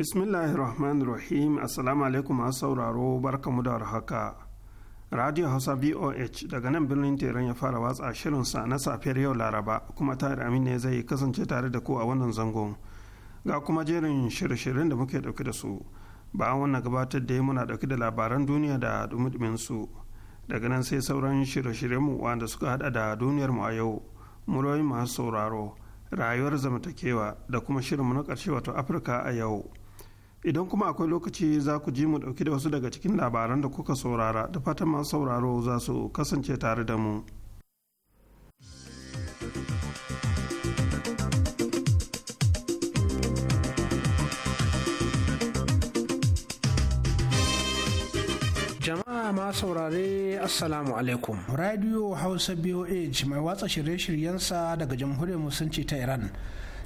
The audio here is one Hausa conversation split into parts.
Bismillahi rahim Assalamu alaikum masu sauraro barkamu da haka. Radio Hausa VOH daga nan birnin Teran ya fara watsa shirin sa na safiyar yau Laraba kuma tare amin ne zai kasance tare da ku a wannan zangon. Ga kuma jerin shirye-shiryen da muke dauke da su. Bayan wannan gabatar da muna dauke da labaran duniya da dumudumin su. Daga nan sai sauran shirye-shiryen mu wanda suka hada da duniyar mu a yau. Muroyin masu sauraro, rayuwar zamantakewa da kuma shirin na ƙarshe wato Afirka a yau. idan kuma akwai lokaci za ku ji mu dauki da wasu daga cikin labaran da kuka saurara da fatan masu sauraro za su kasance tare da mu jama'a ma saurare assalamu alaikum radio hausa boh mai watsa shirye-shiryensa daga jamhuriyar musulunci ta iran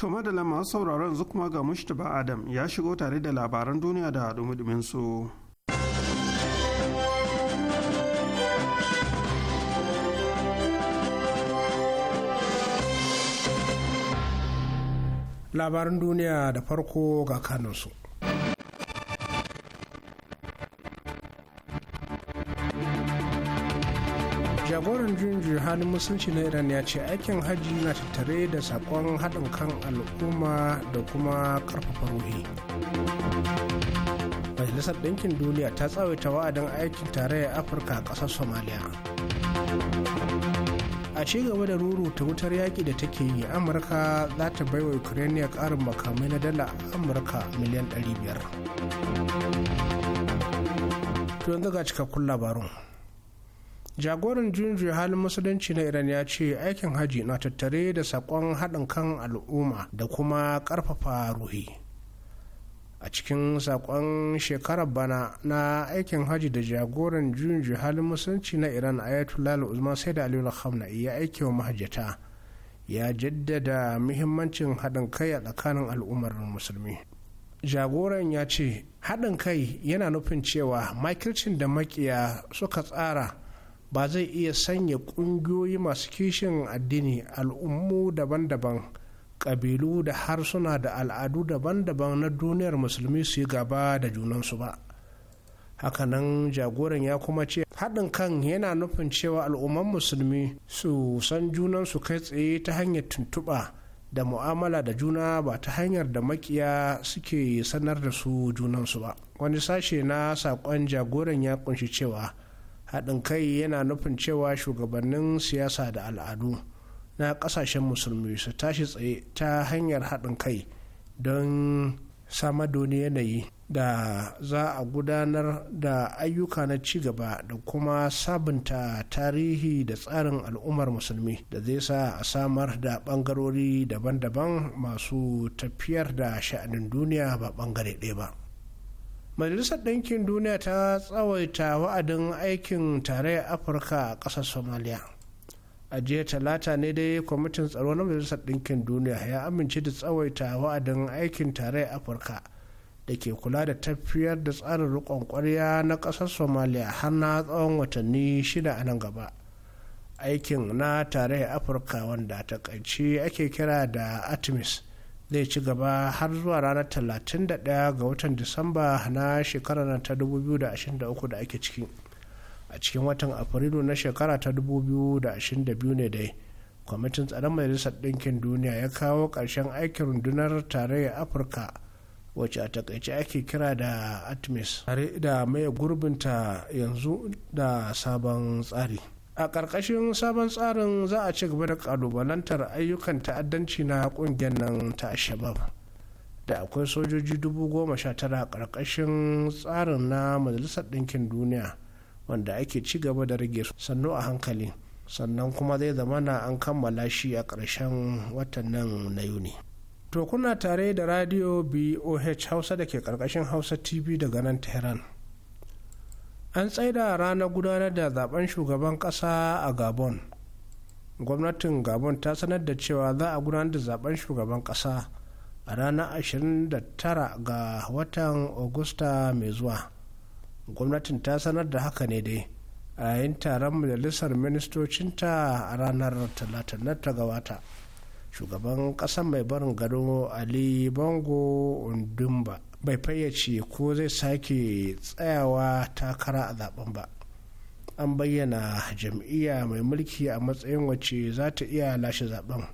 To madala masu sauraron yanzu kuma ga Mushtaba Adam ya shigo tare da labaran duniya da dumudumin su. Labaran duniya da farko ga kanunsu. jagoran junju halin musulunci na iran ya ce aikin hajji na tattare da sakon haɗin kan al'umma da kuma ƙarfafa ruhi majalisar ɗinkin duniya ta tsawaita wa'adin aikin tarayyar afirka a ƙasar somaliya a ci gaba da ruru ta wutar yaƙi da take yi amurka za ta bai wa ukraine ƙarin makamai na dala amurka miliyan 500 to yanzu ga cikakkun labarun jagoran junju halin musulunci na iran ya ce aikin haji na tattare da sakon haɗin kan al'umma da kuma ƙarfafa ruhi a cikin sakon shekarar bana na aikin haji da jagoran junju halin musulunci na iran ayatollah uzman sai da aliyu khamnai ya aiki wa mahajjata ya jaddada muhimmancin haɗin kai a tsakanin al'ummar musulmi jagoran ya ce haɗin kai yana nufin cewa makircin da makiya suka tsara ba zai iya sanya ƙungiyoyi masu kishin addini al'ummu daban-daban ƙabilu da harsuna da al'adu daban-daban na duniyar musulmi su yi gaba da junansu ba hakanan jagoran ya kuma ce haɗin kan yana nufin cewa al'umman musulmi su san junansu kai tsaye ta hanyar tuntuɓa da mu'amala da juna ba ta hanyar da makiya suke sanar da su junansu ba wani sashe na saƙon jagoran ya kunshi cewa haɗin kai yana nufin cewa shugabannin siyasa da al'adu na ƙasashen musulmi su tashi tsaye ta hanyar haɗin kai don samar da wani yanayi da za a gudanar da ayyuka na ci gaba da kuma sabunta tarihi da tsarin al'ummar musulmi da zai sa a samar da ɓangarori daban-daban masu tafiyar da sha'anin duniya ba bangare ɗaya ba. majalisar ɗinkin duniya ta tsawaita wa'adin aikin a afirka a ƙasar somaliya a jiya talata ne dai kwamitin tsaro na majalisar ɗinkin duniya ya amince da tsawaita wa'adin aikin a afirka da ke kula da tafiyar da tsarin rikon ƙwarya na ƙasar somaliya har na tsawon watanni shida a nan gaba aikin na tarayyar afirka wanda takaici ake kira da artemis zai ci gaba har zuwa ranar 31 ga watan disamba na shekarar ta 2023 da ake ciki a cikin watan afrilu na shekara ta 2022 ne dai kwamitin tsaron majalisar ɗinkin duniya ya kawo ƙarshen aikin rundunar tarayyar afirka wacce a takaice ake kira da artemis tare da mai gurbinta yanzu da sabon tsari a ƙarƙashin sabon tsarin za a ci gaba da ƙalubalantar ayyukan ta'addanci na ƙungiyar nan ta shabab da akwai sojoji dubu goma sha tara a ƙarƙashin tsarin na majalisar ɗinkin duniya wanda ake ci gaba da rage sannu a hankali sannan kuma zai zama na an kammala shi a ƙarshen watan nan na yuni to kuna tare da radio boh hausa da ke ƙarƙashin hausa tv daga nan tehran an tsaida ranar gudanar da zaben shugaban kasa a gabon gwamnatin gabon ta sanar da cewa za a gudanar da zaben shugaban kasa a ranar 29 ga watan augusta mai zuwa gwamnatin ta sanar da haka ne dai a yayin taron majalisar ministocinta a ranar talatin na ta gabata shugaban ƙasar mai barin gado ali bongo ondumba bai fayyace ko zai sake tsayawa takara a zaben ba an bayyana jam'iyya mai mulki a matsayin wacce za ta iya lashe zaben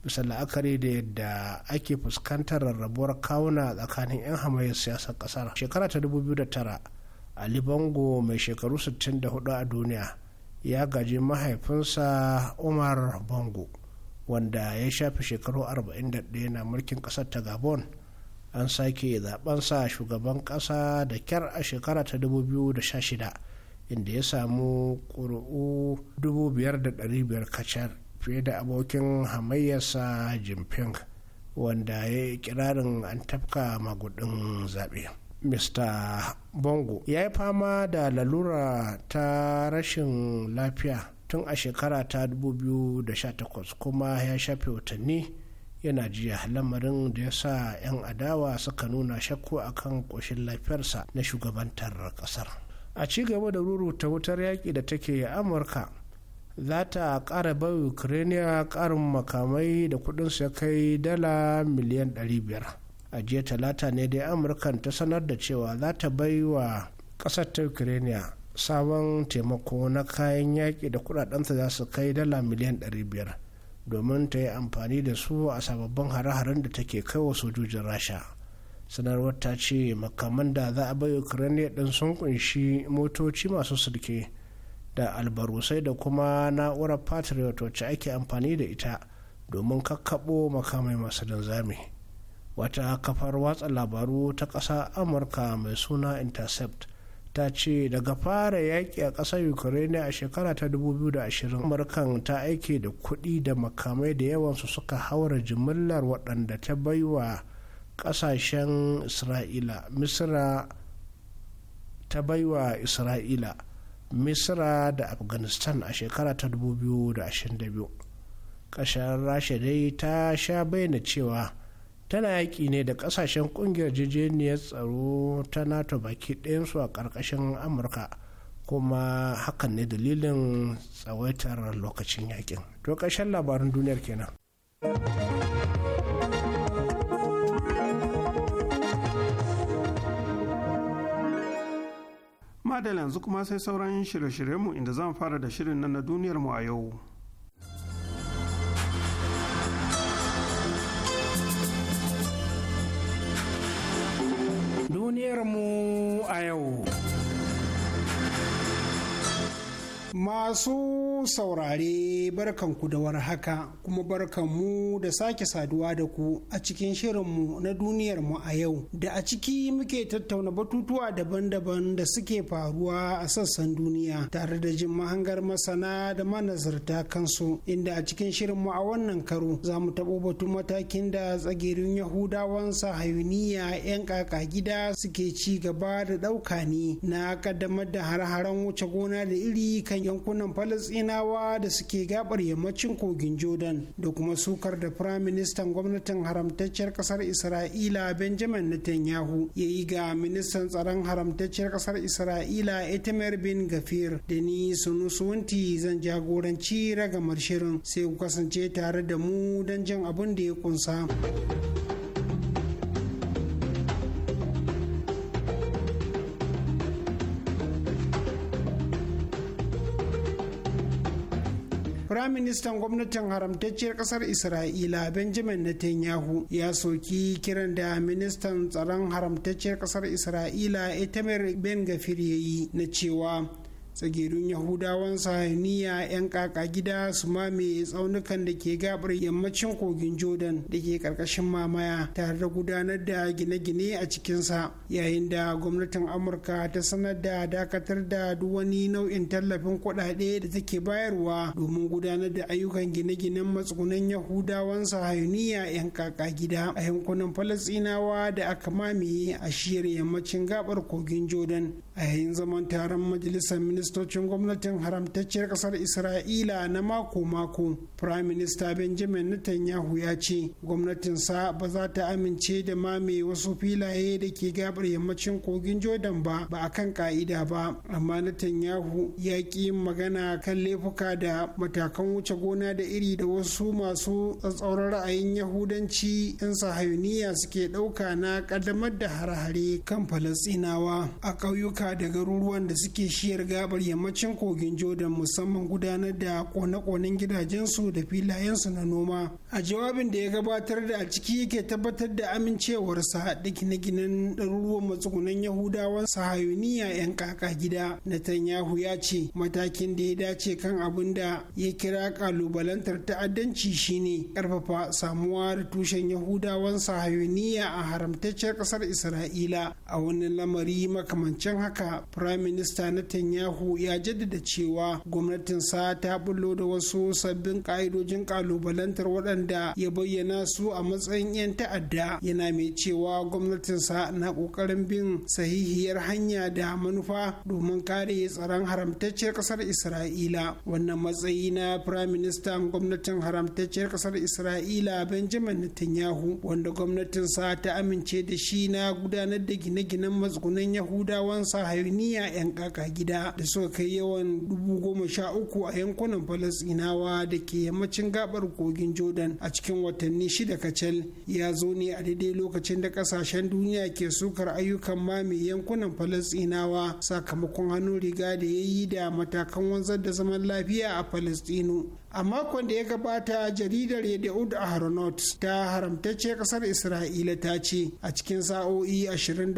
bisa la'akari da yadda ake fuskantar rarrabuwar kawuna tsakanin 'yan hamayyar siyasar kasar shekara ta 2009 ali bango mai shekaru 64 a duniya ya gaji mahaifinsa umar bango wanda ya shafi shekaru 41 na mulkin kasar ta gabon an sake sa shugaban ƙasa da kyar a shekara ta 2016 inda ya samu ƙuri'u 5,500 kacar fiye da abokin hamayyarsa jinping wanda ya yi kirarin an tafka magudin zaɓe. mr bongo ya yi fama da lalura ta rashin lafiya tun a shekara ta 2018 kuma ya shafe watanni yana jiya lamarin da ya sa 'yan adawa suka nuna shakku kan ƙoshin lafiyarsa na shugabantar ƙasar a ci gaba da ruruta wutar yaƙi da take amurka za ta ƙara bai ukraine ƙarin makamai da kudinsu ya kai dala miliyan 500 a jiya talata ne dai amurkan ta sanar da cewa za ta bai wa ƙasar ta ukraine sabon taimako na kayan yaƙi da kuɗaɗensa za su kai dala miliyan 500 domin ta yi amfani da su a sababbin hare-haren da take kai wa sojojin rasha sanarwar ta ce makaman da za a bai ukraine din sun kunshi motoci masu sulke da albarusai da kuma na'urar patriot wacce ake amfani da ita domin kakkaɓo makamai masu danzami wata kafar watsa labaru ta ƙasa amurka mai suna intercept ta ce daga fara yaƙi a ƙasar ukraine a shekara ta 2020 amurkan ta aike da kuɗi da makamai da yawansu suka haura jimillar waɗanda ta baiwa ƙasashen isra'ila misra ta baiwa isra'ila misra da afghanistan a shekara ta 2022 ƙasar rasha dai ta sha bayyana cewa tana yaƙi ne da ƙasashen ƙungiyar jirjeniyar tsaro ta nato baki ɗayansu a ƙarƙashin amurka kuma hakan ne dalilin tsawaitar lokacin yakin to ƙarshen labarin duniyar kenan madalla yanzu kuma sai sauran shirye-shiryenmu inda zan fara da shirin nan na duniyarmu a yau duniyarmu a yau. Masu saurare barkanku da war haka kuma barkanmu da sake saduwa da ku a cikin shirinmu na duniyarmu a yau da a ciki muke tattauna batutuwa daban-daban da suke faruwa a sassan duniya tare da jin mahangar masana da manazarta kansu inda a cikin shirin mu a wannan karo za mu taɓo batun matakin da tsagerin yahudawan sahayuniya 'yan kaka gida suke ci gaba da ɗauka ne na ƙaddamar da har-haren wuce gona da iri kan yankunan falasinawa da suke gabar yammacin kogin jordan da kuma sukar da firaministan gwamnatin haramtacciyar kasar isra'ila benjamin netanyahu ya yi ga ministan tsaron haramtacciyar kasar isra'ila itamar bin gafir da ni sunusunti zan jagoranci ragamar shirin sai ku kasance tare da mu don jin abin da ya kunsa. firaministan gwamnatin haramtacciyar ƙasar isra'ila benjamin netanyahu ya soki kiran da ministan tsaron haramtacciyar ƙasar isra'ila itamar ben gafir ya yi na cewa tsagerun yahudawan sahaniya 'yan kaka gida su mamaye tsaunukan da ke gabar yammacin kogin jordan da ke karkashin mamaya tare da gudanar da gine-gine a cikinsa yayin da gwamnatin amurka ta sanar da dakatar da duk wani nau'in tallafin kuɗaɗe da take bayarwa domin gudanar da ayyukan gine-ginen matsugunan yahudawan sahaniya 'yan kaka gida a yankunan falasinawa da aka mamaye a shiyar yammacin gabar kogin jordan a yayin zaman taron majalisar ministocin gwamnatin haramtacciyar kasar isra'ila na mako-mako prime minister benjamin netanyahu ya ce gwamnatinsa ba za ta amince da ma mai wasu filaye da ke gabar yammacin kogin jordan ba ba a kan ka'ida ba amma netanyahu ya ƙi magana kan laifuka da matakan wuce gona da iri da wasu masu tsatsauran ra'ayin yahudanci 'yan sahayuniya suke ɗauka na ƙaddamar da hare-hare kan falasinawa a ƙauyuka da garuruwan da suke shiyar gaba. gabar yammacin kogin jordan musamman gudanar da kone-konen gidajensu da filayensu na noma a jawabin da ya gabatar da a ciki yake tabbatar da amincewarsa da gine-ginen ɗaruruwan matsugunan yahudawan sahayuniya 'yan kaka gida netanyahu ya ce matakin da ya dace kan abin da ya kira kalubalantar ta'addanci shine karfafa samuwa da tushen yahudawan sahayuniya a haramtaccen ƙasar isra'ila a wani lamari makamancin haka Firayim Minista netanyahu Netanyahu ya jaddada cewa gwamnatinsa ta bullo da wasu sabbin ƙa'idojin ƙalubalantar waɗanda ya bayyana su a matsayin 'yan ta'adda yana mai cewa gwamnatinsa na ƙoƙarin bin sahihiyar hanya da manufa domin kare tsaron haramtacciyar ƙasar Isra'ila. Wannan matsayi na Firaministan gwamnatin haramtacciyar ƙasar Isra'ila Benjamin Netanyahu wanda gwamnatinsa ta amince da shi na gudanar da gine-ginen matsugunan Yahudawan sahayuniya 'yan kaka gida da suka kai yawan dubu goma sha uku a yankunan falasinawa da ke yammacin gabar kogin jordan a cikin watanni shida kacal ya zo ne a daidai lokacin da kasashen duniya ke sukar ayyukan mame yankunan falasinawa sakamakon hannun riga da ya yi da matakan wanzar da zaman lafiya a falastinu a makon da ya gabata jaridar yadda'ud ahronot ta haramtacce kasar isra'ila ta ce a cikin sa'o'i 24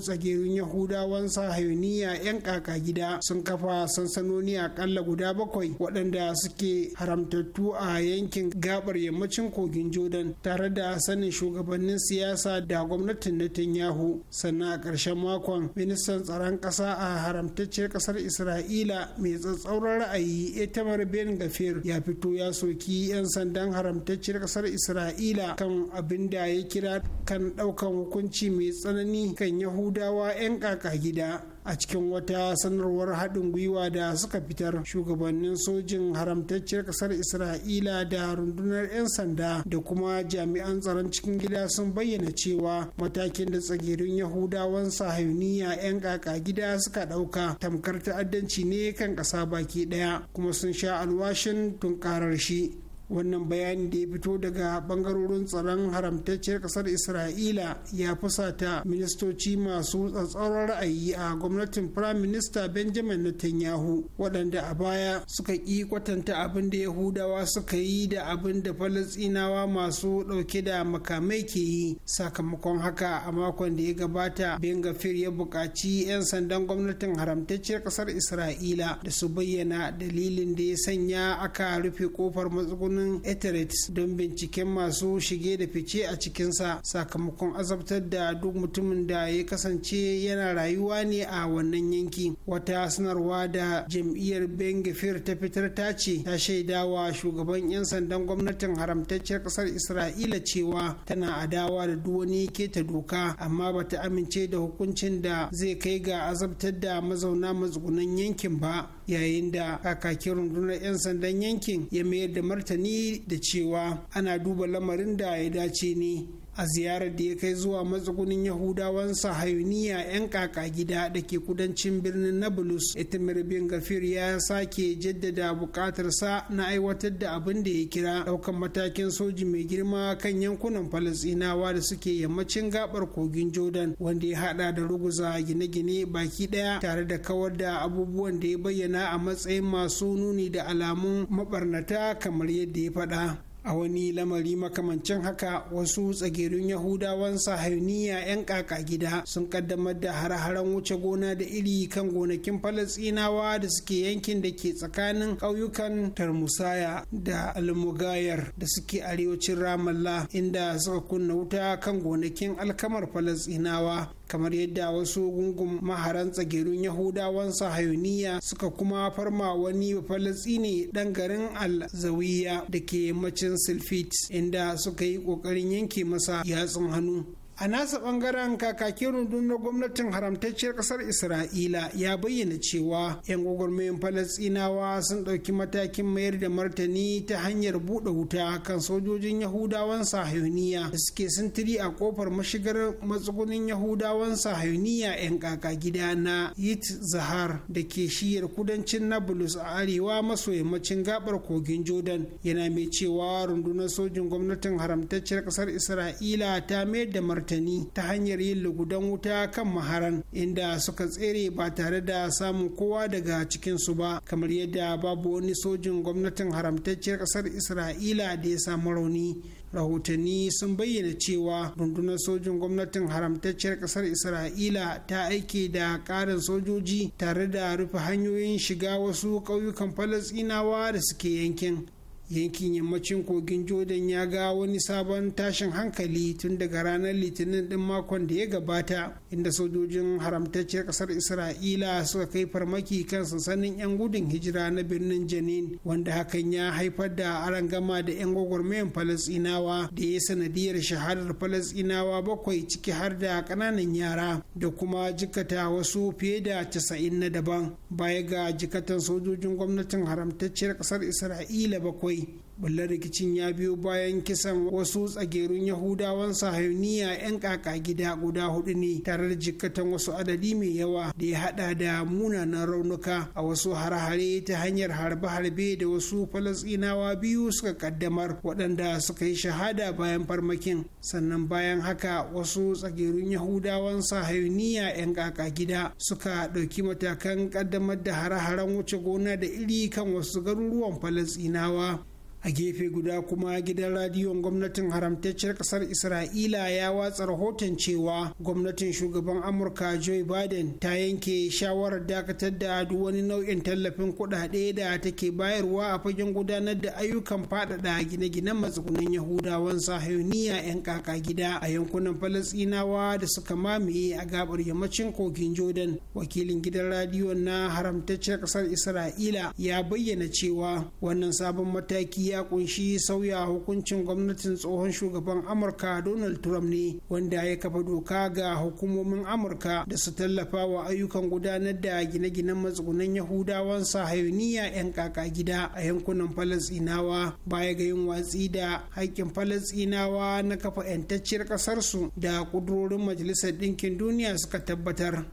tsagerin yahudawan sahayoniya 'yan kaka gida sun kafa sansanoni a kalla guda bakwai waɗanda suke haramtattu a yankin gabar yammacin kogin jordan tare da sanin shugabannin siyasa da gwamnatin netanyahu sannan a ƙarshen makon ministan tsaron ƙasa a haramtacce kasar isra'ila mai tsatsauran ra'ayi etamar ben gafir ya ya fito ya soki 'yan sandan haramtacciyar kasar isra'ila kan abin da ya kira kan daukan hukunci mai tsanani kan yahudawa 'yan kaka gida a cikin wata sanarwar haɗin gwiwa da suka fitar shugabannin sojin haramtacciyar ƙasar isra'ila da rundunar 'yan sanda da kuma jami'an tsaron cikin gida sun bayyana cewa matakin da tsagirin yahudawan sahayuniya 'yan ƙaƙa gida suka ɗauka tamkar ta'addanci ne kan ƙasa baki ɗaya kuma sun sha alwashin tunkarar shi wannan bayanin da ya fito daga bangarorin tsaron haramtacciyar kasar isra'ila ya fusata ministoci masu tsatsauran ra'ayi a gwamnatin prime minister benjamin netanyahu waɗanda a baya suka ƙi kwatanta abin da yahudawa suka yi da abin da falasinawa masu ɗauke da makamai ke yi sakamakon haka a makon da ya gabata ben gafir ya buƙaci 'yan sandan gwamnatin haramtacciyar kasar isra'ila da su bayyana dalilin da ya sanya aka rufe kofar matsugunin birnin Eteret don binciken masu shige da fice a cikinsa sakamakon azabtar da duk mutumin da ya kasance yana rayuwa ne a wannan yanki. Wata sanarwa da jam'iyyar Bengafir ta fitar ta ce ta shaidawa shugaban 'yan sandan gwamnatin haramtaccen ƙasar Isra'ila cewa tana adawa da duk wani ta doka amma bata amince da hukuncin da zai kai ga azabtar da mazauna matsugunan yankin ba. yayin da kakakin rundunar 'yan sandan yankin ya mayar da martani da cewa ana duba lamarin da ya dace ne a ziyarar da ya kai zuwa matsugunin yahudawan sahayuniya 'yan kaka gida da ke kudancin birnin nablus itamir bin gafir ya sake jaddada bukatarsa na aiwatar da abin da ya kira daukan matakin soji mai girma kan yankunan falasinawa da suke yammacin gabar kogin jordan wanda ya hada da ruguza gine-gine baki daya tare da kawar da abubuwan da ya bayyana a matsayin masu nuni da alamun mabarnata kamar yadda ya faɗa a wani lamari makamancin haka wasu tsagerun yahudawan sahayuniya 'yan kaka gida sun kaddamar da hare-haren wuce gona da iri kan gonakin falasinawa da suke yankin da ke tsakanin ƙauyukan tarmusaya da almugayar da suke arewacin ramallah inda suka kunna wuta kan gonakin alkamar falasinawa kamar yadda wasu gungun maharan tsagerun yahudawan sahayuniya suka kuma farma wani falastini dan garin al-zawiya da ke macin silfit inda suka yi kokarin yanke masa yatsun hannu a nasa bangaren kakakin rundunar gwamnatin haramtacciyar kasar isra'ila ya bayyana cewa 'yan gwagwarmayin falasinawa sun ɗauki matakin mayar da martani ta hanyar buɗe wuta kan sojojin yahudawan Sahauniya. da suke sintiri a kofar mashigar matsugunin yahudawan Sahauniya, 'yan kaka gida na yit zahar da ke shiyar kudancin nablus a arewa maso yammacin gabar kogin jordan yana mai cewa rundunar sojin gwamnatin haramtacciyar kasar isra'ila ta mayar da martani martani ta hanyar yin lugudan wuta kan maharan inda suka tsere ba tare da samun kowa daga cikinsu ba kamar yadda babu wani sojin gwamnatin haramtacciyar ƙasar isra'ila da ya samu rauni rahotanni sun bayyana cewa rundunar sojin gwamnatin haramtacciyar kasar isra'ila ta aike da ƙarin sojoji tare da rufe hanyoyin shiga wasu ƙauyukan falasinawa da suke yankin yankin yammacin kogin jordan ya ga wani sabon tashin hankali tun daga ranar litinin din makon da ya gabata inda sojojin haramtacciyar kasar isra'ila suka kai farmaki kan sansanin 'yan gudun hijira na birnin janin wanda hakan ya haifar da arangama da 'yan gwagwarmayan falasinawa da ya sanadiyar shahadar falasinawa bakwai ciki har da kananan yara da kuma jikata wasu fiye da casa'in na daban baya ga jikatan sojojin gwamnatin haramtacciyar kasar isra'ila bakwai Ballar rikicin ya biyo bayan kisan wasu tsagerun Yahudawan sahayuniya 'yan kaka gida guda hudu ne tare da jikkatan wasu adadi mai yawa da ya hada da munanan raunuka a wasu harhare ta hanyar harbe-harbe da wasu falasinawa biyu suka kaddamar waɗanda suka yi shahada bayan farmakin. Sannan bayan haka wasu tsagerun Yahudawan sahayuniya 'yan kaka gida suka ɗauki matakan kaddamar da hare-haren wuce gona da iri kan wasu garuruwan Falasɗinawa. a gefe guda kuma gidan radiyon gwamnatin haramtacciyar kasar isra'ila ya watsa rahoton cewa gwamnatin shugaban amurka joe biden ta yanke shawarar dakatar da duk wani nau'in tallafin kuɗaɗe da take bayarwa a fagen gudanar da ayyukan faɗaɗa gine-ginen matsugunan yahudawan sahiyoniya 'yan kaka gida a yankunan falasinawa da suka mamaye a gabar yammacin kogin jordan wakilin gidan radiyon na haramtacciyar kasar isra'ila ya bayyana cewa wannan sabon mataki ya kunshi sauya hukuncin gwamnatin tsohon shugaban amurka donald trump ne wanda ya kafa doka ga hukumomin amurka da su tallafa wa ayyukan gudanar da gine-ginen matsugunan yahudawan sahayuniya 'yan kaka gida a yankunan falasinawa baya ga yin watsi da haƙƙin falasinawa na kafa 'yantacciyar ƙasarsu da ƙudurorin majalisar ɗinkin duniya suka tabbatar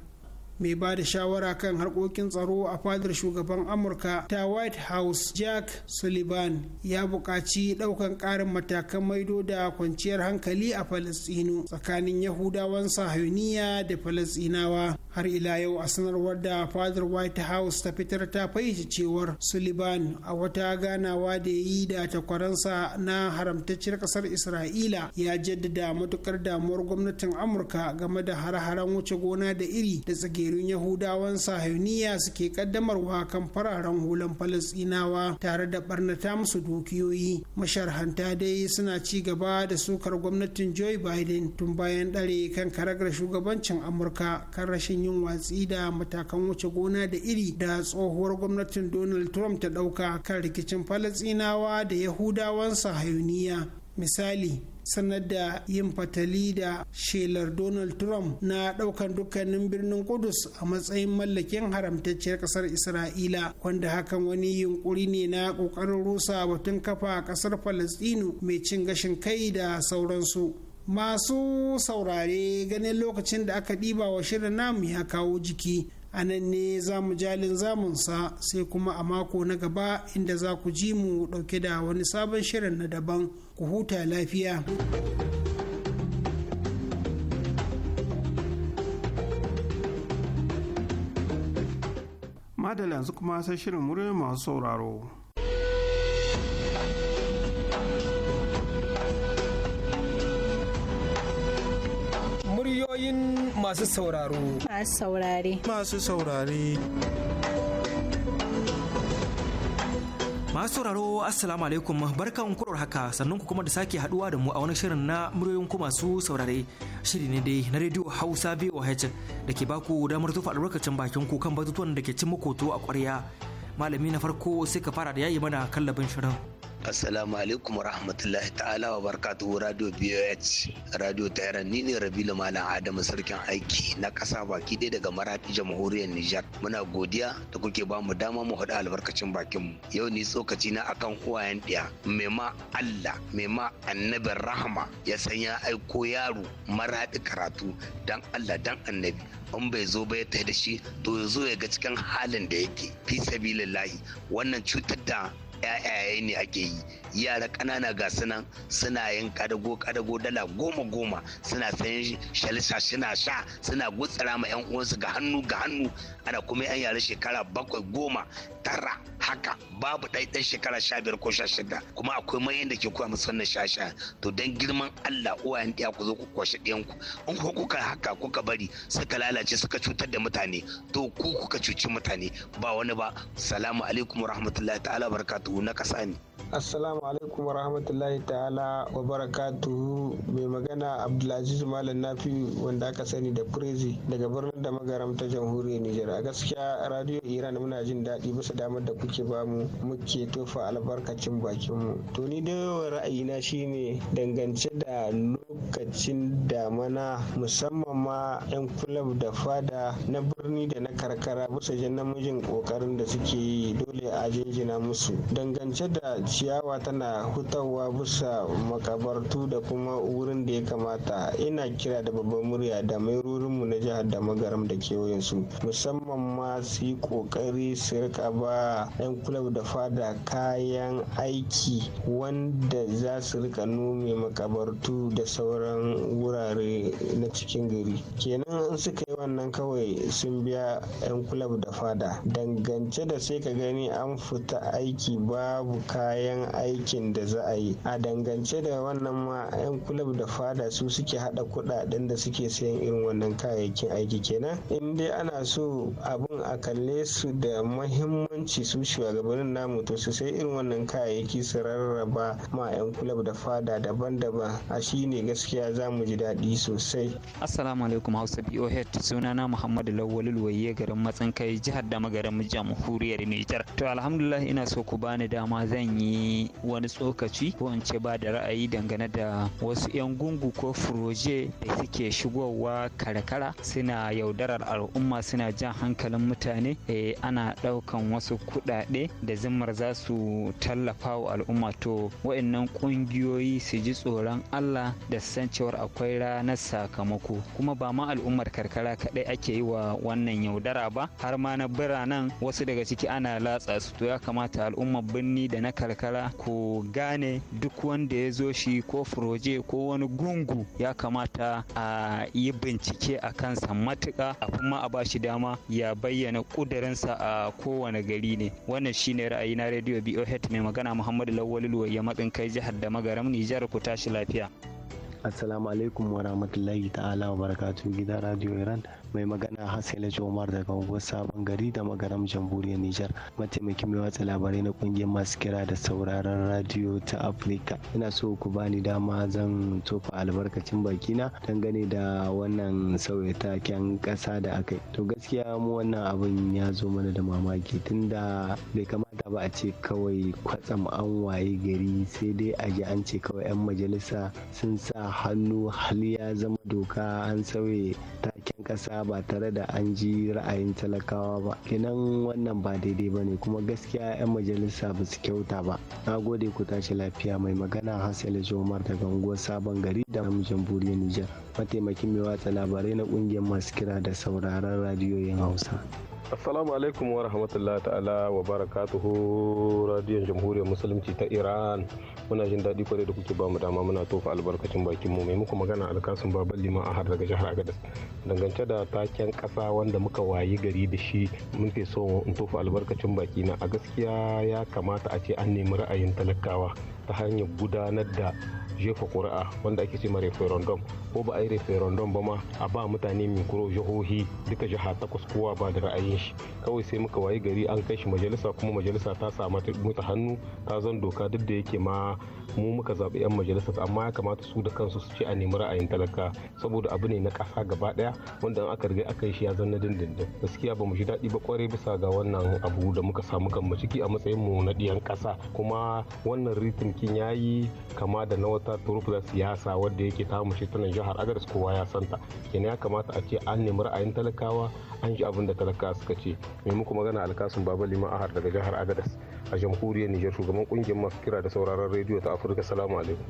mai ba da shawara kan harkokin tsaro a fadar shugaban amurka ta white house jack sullivan ya buƙaci ɗaukan ƙarin matakan maido da kwanciyar hankali a falastinu tsakanin yahudawan sahuniya da falasinawa har ila yau a sanarwar da fadar white house ta fitar ta fahimci cewar sullivan a wata ganawa da ya yi da takwaransa na haramtacciyar ƙasar isra'ila ya jaddada matukar damuwar gwamnatin amurka game da hare-haren wuce gona da iri da tsige ƙungiyoyin yahudawan sahiyuniya suke kaddamarwa kan fararen hulan falasɗinawa tare da barnata musu dukiyoyi masharhanta dai suna ci gaba da sukar gwamnatin joe biden tun bayan dare kan karagar shugabancin amurka kan rashin yin watsi da matakan wuce gona da iri da tsohuwar gwamnatin donald trump ta dauka kan rikicin falasɗinawa da yahudawan sahiyuniya misali sanar da yin fatali da shelar donald trump na daukan dukkanin birnin kudus a matsayin mallakin haramtacciyar kasar isra'ila wanda hakan wani yunkuri ne na kokarin rusa batun kafa a kasar falastinu mai cin gashin kai da sauransu masu saurare ganin lokacin da aka ɗiba wa shirin namu ya kawo jiki a nan ne za mu jalin zamunsa sai kuma a mako na gaba inda za ku ji mu ɗauke da wani sabon shirin na daban. ku huta lafiya. Madala yanzu kuma sai shirin muryoyin masu sauraro. Muryoyin masu sauraro. Masu saurare. Masu saurare. Masu sauraro Assalamu alaikum barkan kurar haka sannan ku kuma da sake haduwa da mu a wani shirin na muryoyin ku masu saurare shiri ne dai na rediyo Hausa VOH da ke baku damar tufa albarkacin bakin ku kan batutuwan da ke cin makoto a kwarya Malami na farko sai ka fara da yayi mana kallabin shirin. Assalamu alaikum rahmatullahi ta'ala wa barakatuhu Radio BOH Radio Tehran ni ne Rabilu Malam Adamu sarkin aiki na ƙasa baki ɗaya daga Marafi jamhuriyar Nijar. Muna godiya da kuke ba mu dama mu haɗa albarkacin bakin mu. Yau ni tsokaci na akan uwayen ɗiya. mai ma Allah, mai ma annabin rahama ya san ya aiko yaro maraɗi karatu dan Allah dan annabi. in bai zo ba ya tafi da shi to ya zo ya ga cikin halin da yake fi sabilillahi wannan cutar da 'ya'yaye ne ake yi yara ƙanana ga sunan suna yin kadago kadago dala goma goma suna sayan shalisa suna sha suna gutsara ma yan uwansu ga hannu ga hannu ana kuma yan yara shekara bakwai goma tara haka babu ɗan shekara sha biyar ko sha shida kuma akwai mayan da ke kuwa musu wannan sha sha to dan girman Allah uwayen ɗaya ku zo ku kwashe ɗiyanku ku in ko kuka haka kuka bari suka lalace suka cutar da mutane to ku kuka cuci mutane ba wani ba salamu alaikum rahmatullahi ta'ala barakatuhu na ƙasa ne assalamu Assalamu alaikum wa rahmatullahi ta'ala wa barakatuhu mai magana Abdulaziz Malam Nafi wanda aka sani da Prezi daga birnin da magaram ta jamhuriyar Nijar. A gaskiya Radio Iran muna jin daɗi bisa damar da kuke ba mu, muke tofa albarkacin bakin mu To ni ra'ayi ra'ayina shine dangance da lokacin damana musamman ma 'yan kulab da fada na birni da na karkara bisa jan namijin kokarin da suke yi dole a jinjina musu. Dangance da ciyawa ta tana hutawa bisa makabartu da kuma wurin da ya kamata ina kira da babban murya da mairorinmu na jihar da magaram da kewayensu musamman ma su yi kokari su rika ba 'yan kulab da fada kayan aiki wanda za su rika nome makabartu da sauran wurare na cikin gari kenan in suka yi wannan kawai sun biya 'yan kulab da fada dangance da sai ka gani an fita aiki babu kayan aiki aikin da za a yi a dangance da wannan ma 'yan kulab da fada su suke hada kudaden da suke sayan irin wannan kayayyakin aiki kenan in dai ana so abun a kalle su da mahimmanci su shugabannin namu to su sai irin wannan kayayyaki su rarraba ma 'yan kulab da fada daban-daban a shi ne gaskiya za mu ji daɗi sosai assalamu alaikum hausa boh sunana muhammadu lawalul waye garin matsin kai jihar magarin jamhuriyar nijar to alhamdulillah ina so ku bani dama zan yi wani tsokaci ko in ce ba da ra'ayi dangane da wasu 'yan gungu ko furoje da suke shigowa karkara suna yaudarar al'umma suna jan hankalin mutane eh, ana ɗaukan wasu kuɗaɗe da zimmar za su tallafa wa al'umma to wa'annan ƙungiyoyi su ji tsoron allah da san cewar akwai ranar sakamako kuma ba ma al'ummar karkara kadai ake yi wa wannan yaudara ba har ma na biranen wasu daga ciki ana latsa su to ya kamata al'ummar birni da na karkara ko ku gane duk wanda ya zo shi ko furoje ko wani gungu ya kamata a yi bincike a kansa matuƙa a kuma a bashi dama ya bayyana ƙudurinsa a kowane gari ne wannan shine ra'ayi na rediyo bohet mai magana muhammadu lawal ya matsin kai jihar da magaram nijar ku tashi lafiya assalamu alaikum wa ta'ala wa barakatun gidan radio iran mai magana hasila jomar daga unguwar sabon gari da magaram jamhuriyar nijar mataimakin mai watsa labarai na kungiyar masu kira da sauraron radiyo ta afirka ina so ku bani dama zan tofa albarkacin bakina dangane da wannan sauya taken kasa da aka yi to gaskiya mu wannan abin ya zo mana da mamaki tunda bai kamata ba a ce kawai kwatsam an waye gari sai dai a ji an ce kawai 'yan majalisa sun sa hannu hali ya zama doka an sauya taken kasa ba tare da an ji ra'ayin talakawa ba kenan wannan ba daidai ba ne kuma gaskiya 'yan majalisa ba su kyauta ba na gode ku tashi lafiya mai magana hasali jomar daga unguwar sabon gari da jamhuriyar nijar mataimakin mai watsa labarai na kungiyar masu kira da sauraron radiyoyin hausa Assalamu alaikum wa rahmatullahi ta'ala wa barakatuhu radiyon jamhuriyar musulunci ta Iran. Muna jin daɗi kwarai da kuke bamu dama muna tofa albarkacin bakin mu mai muku magana alkasun baban liman har daga jihar Agadez. Dangance da taken ƙasa wanda muka wayi gari da shi mun fi so in tofa albarkacin baki na a gaskiya ya kamata a ce an nemi ra'ayin talakawa ta hanyar gudanar da jefa ƙuri'a wanda ake ce referendum ko ba a yi referendum ba ma a ba mutane mikro jihohi duka jiha takwas kowa ba da ra'ayin shi kawai sai muka wayi gari an kai shi majalisa kuma majalisa ta sa mata hannu ta zan doka duk da yake ma mu muka zaɓi 'yan majalisa amma ya kamata su da kansu su ce a nemi ra'ayin talaka saboda abu ne na ƙasa gaba ɗaya wanda aka riga aka yi shi ya zanna dindindin gaskiya ba mu ji daɗi ba kwarai bisa ga wannan abu da muka samu mu ciki a matsayin mu na ɗiyan ƙasa kuma wannan ritin ya yi kama da na wata ta da siyasa wadda yake ta mushe tana jihar agadas kowa ya santa kenan ya kamata a ce an nemi ra'ayin talakawa an ji abin da talakawa suka ce mai muku magana alkasun baba liman ahar daga jihar agadas a jamhuriyar niger shugaban kungiyar masu kira da sauraron rediyo ta afirka salamu alaikum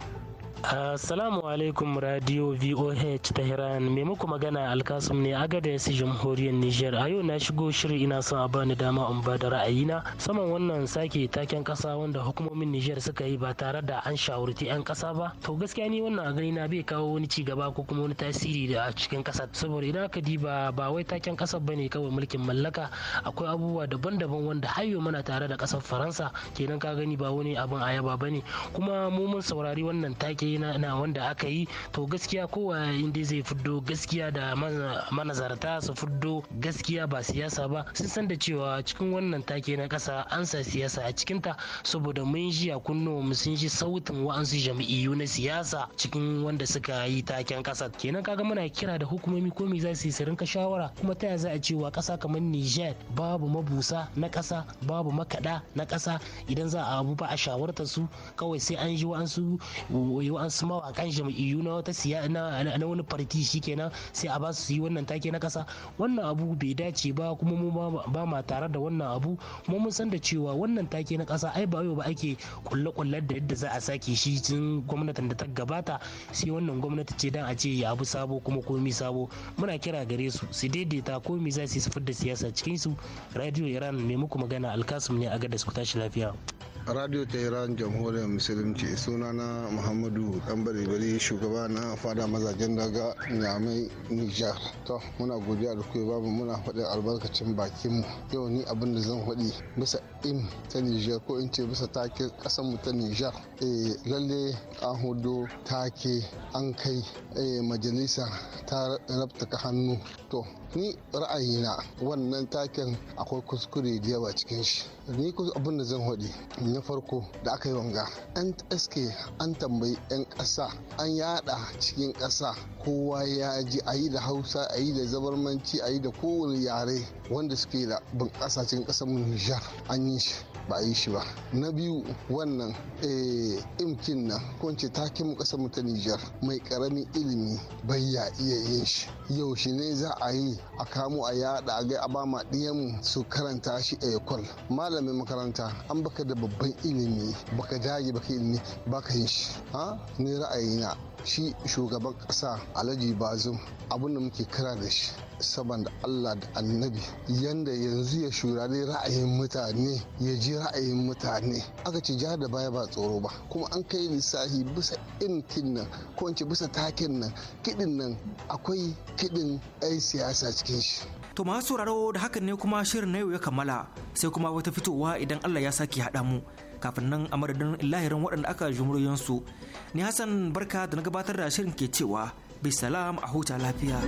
Assalamu alaikum radio VOH Tehran mai muku magana alkasum ne yasi jamhuriyar Nijar a yau na shigo shiri ina son a bani dama in ba da ra'ayina saman wannan sake taken kasa wanda hukumomin Nijar suka yi ba tare da an shawarci 'yan kasa ba to gaskiya ni wannan a gani na bai kawo wani ci gaba ko kuma wani tasiri da a cikin kasa saboda idan aka diba ba wai taken kasa bane kawai mulkin mallaka akwai abubuwa daban-daban wanda yau mana tare da kasar Faransa kenan ka gani ba wani abin ayaba bane kuma mu mun saurari wannan take na wanda aka yi to gaskiya kowa inda zai fuddo gaskiya da manazarta su fuddo gaskiya ba siyasa ba sun san da cewa cikin wannan take na kasa an sa siyasa a cikinta saboda mun ji a mu sun ji sautin wa'ansu jam'iyyu na siyasa cikin wanda suka yi taken kasa kenan kaga muna kira da hukumomi ko me za su yi su rinka shawara kuma ta za a cewa kasa kamar Niger babu mabusa na kasa babu makada na kasa idan za a abu ba a shawartar su kawai sai an yi wa'ansu wa'ansu mawakan jam'iyyu na wata siya na wani farti kenan sai a ba su yi wannan take na kasa wannan abu bai dace ba kuma mu ba ma tare da wannan abu kuma mun san da cewa wannan take na kasa ai ba yau ba ake kulle kulle da yadda za a sake shi tun gwamnatin da ta gabata sai wannan gwamnati ce dan a ce ya abu sabo kuma komi sabo muna kira gare su su daidaita komi za su yi su da siyasa cikin su radio iran mai muku magana alkasum ne a gada su tashi lafiya. radio ran jamhuriyar musulunci sunana muhammadu dan bari shugaba na fada mazajen daga nyamai nijar to muna godiya da kuwa babu muna faɗin albarkacin bakinmu yau ni abin da zan faɗi bisa im ta nijar ko in ce bisa take kasar mu ta nijar eh, lalle an hudo take an kai eh, majalisa ta rabtaka hannu to ni ra'ayina wannan taken akwai kuskure da yawa cikin shi ni abin da zan haɗi na farko da aka yi wanga an taske an tambayi 'yan ƙasa an yada cikin ƙasa kowa ya ji a yi da hausa a yi da zabarmanci a yi da kowane yare wanda suke da bunƙasa cikin ƙasar mu nijar an ganin shi ba a yi shi ba na biyu wannan eh, imkin nan ko takin mu kasar mutane ta Nijar mai karamin ilimi bai ya iya yin shi yaushe ne za a yi a kamo a yada a ga a ba su karanta shi a ekol malamin makaranta an baka da babban ilimi baka dage baka ilimi baka yin shi ha ni ra'ayina shi shugaban kasa alhaji bazum abin da muke kira da shi saboda Allah da annabi yanda yanzu ya shura shurare ra'ayin mutane ya ji ra'ayin mutane aka ci ja da baya ba tsoro ba kuma an kai lissafi bisa intin nan ko ce bisa takin nan kiɗin nan akwai kiɗin 'yan siyasa cikin shi. To masu sauraro da hakan ne kuma shirin na yau ya kammala sai kuma wata fitowa idan Allah ya sake haɗa mu kafin nan a madadin lahirin waɗanda aka jumuriyansu. Ni Hassan barka da na gabatar da shirin ke cewa bisalam a huta lafiya.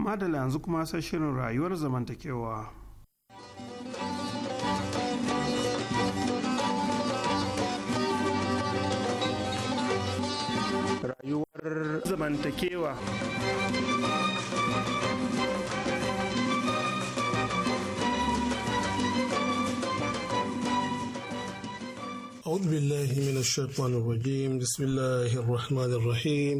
madala yanzu kuma sai shirin rayuwar zamantakewa rayuwar zamantakewa أعوذ بالله من الشيطان الرجيم بسم الله الرحمن الرحيم